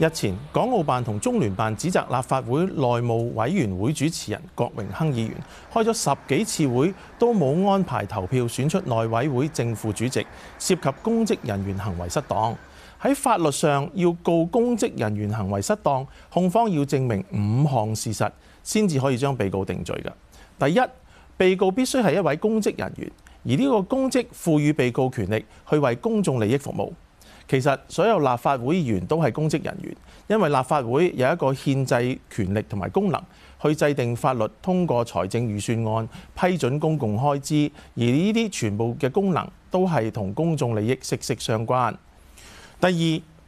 日前，港澳辦同中聯辦指責立法會內務委員會主持人郭榮鏗議員開咗十幾次會都冇安排投票選出內委會正副主席，涉及公職人員行為失當。喺法律上要告公職人員行為失當，控方要證明五項事實先至可以將被告定罪㗎。第一，被告必須係一位公職人員，而呢個公職賦予被告權力去為公眾利益服務。其實，所有立法會議員都係公職人員，因為立法會有一個憲制權力同埋功能，去制定法律、通過財政預算案、批准公共開支，而呢啲全部嘅功能都係同公眾利益息息相關。第二，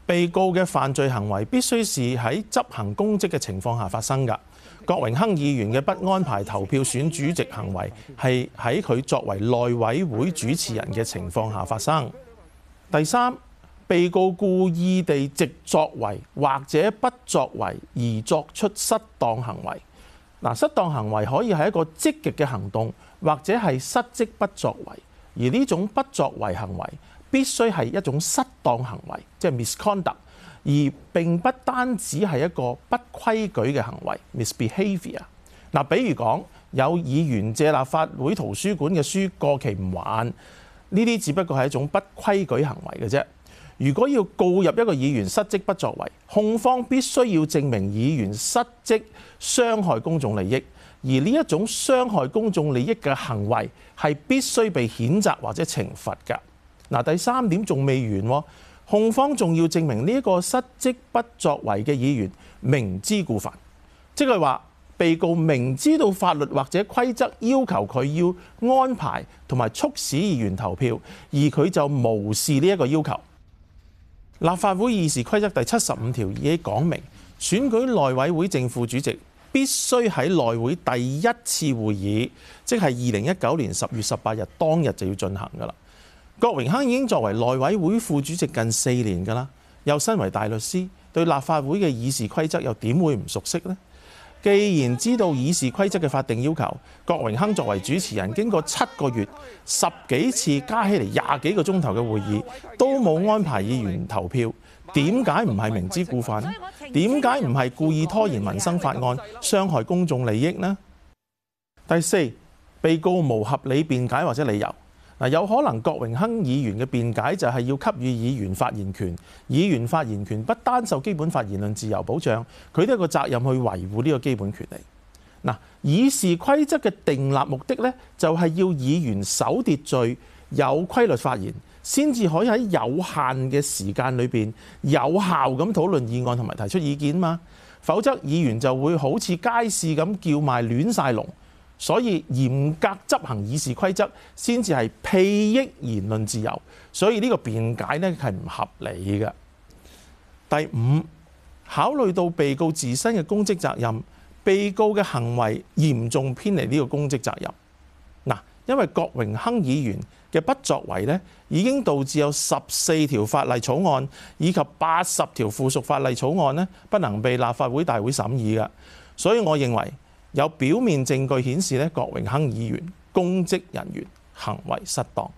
被告嘅犯罪行為必須是喺執行公職嘅情況下發生㗎。郭榮鏗議員嘅不安排投票選主席行為係喺佢作為內委會主持人嘅情況下發生。第三。被告故意地直作為或者不作為而作出失當行為。嗱，失當行為可以係一個積極嘅行動，或者係失職不作為。而呢種不作為行為必須係一種失當行為，即係 misconduct，而並不單止係一個不規矩嘅行為 misbehaviour。嗱，比如講有議員借立法會圖書館嘅書過期唔還，呢啲只不過係一種不規矩行為嘅啫。如果要告入一個議員失職不作為，控方必須要證明議員失職傷害公眾利益，而呢一種傷害公眾利益嘅行為係必須被譴責或者懲罰㗎。嗱，第三點仲未完，控方仲要證明呢一個失職不作為嘅議員明知故犯，即係話被告明知道法律或者規則要求佢要安排同埋促使議員投票，而佢就無視呢一個要求。立法會議事規則第七十五條已經講明，選舉內委會正副主席必須喺內會第一次會議，即係二零一九年十月十八日當日就要進行㗎啦。郭榮鏗已經作為內委會副主席近四年㗎啦，又身為大律師，對立法會嘅議事規則又點會唔熟悉呢？既然知道議事規則嘅法定要求，郭榮鏗作為主持人，經過七個月十幾次加起嚟廿幾個鐘頭嘅會議，都冇安排議員投票，點解唔係明知故犯呢？點解唔係故意拖延民生法案，傷害公眾利益呢？第四，被告無合理辯解或者理由。嗱，有可能郭榮鏗議員嘅辯解就係要給予議員發言權，議員發言權不單受基本發言論自由保障，佢都有個責任去維護呢個基本權利。嗱，議事規則嘅定立目的呢，就係要議員守秩序、有規律發言，先至可以喺有限嘅時間裏邊有效咁討論議案同埋提出意見嘛。否則議員就會好似街市咁叫賣，亂晒龍。所以嚴格執行議事規則先至係裨益言論自由。所以呢個辯解呢，係唔合理嘅。第五，考慮到被告自身嘅公職責任，被告嘅行為嚴重偏離呢個公職責任。嗱，因為郭榮鏗議員嘅不作為呢，已經導致有十四條法例草案以及八十條附屬法例草案呢，不能被立法會大會審議嘅。所以，我認為。有表面證據顯示咧郭榮鏗議員公職人員行為失當。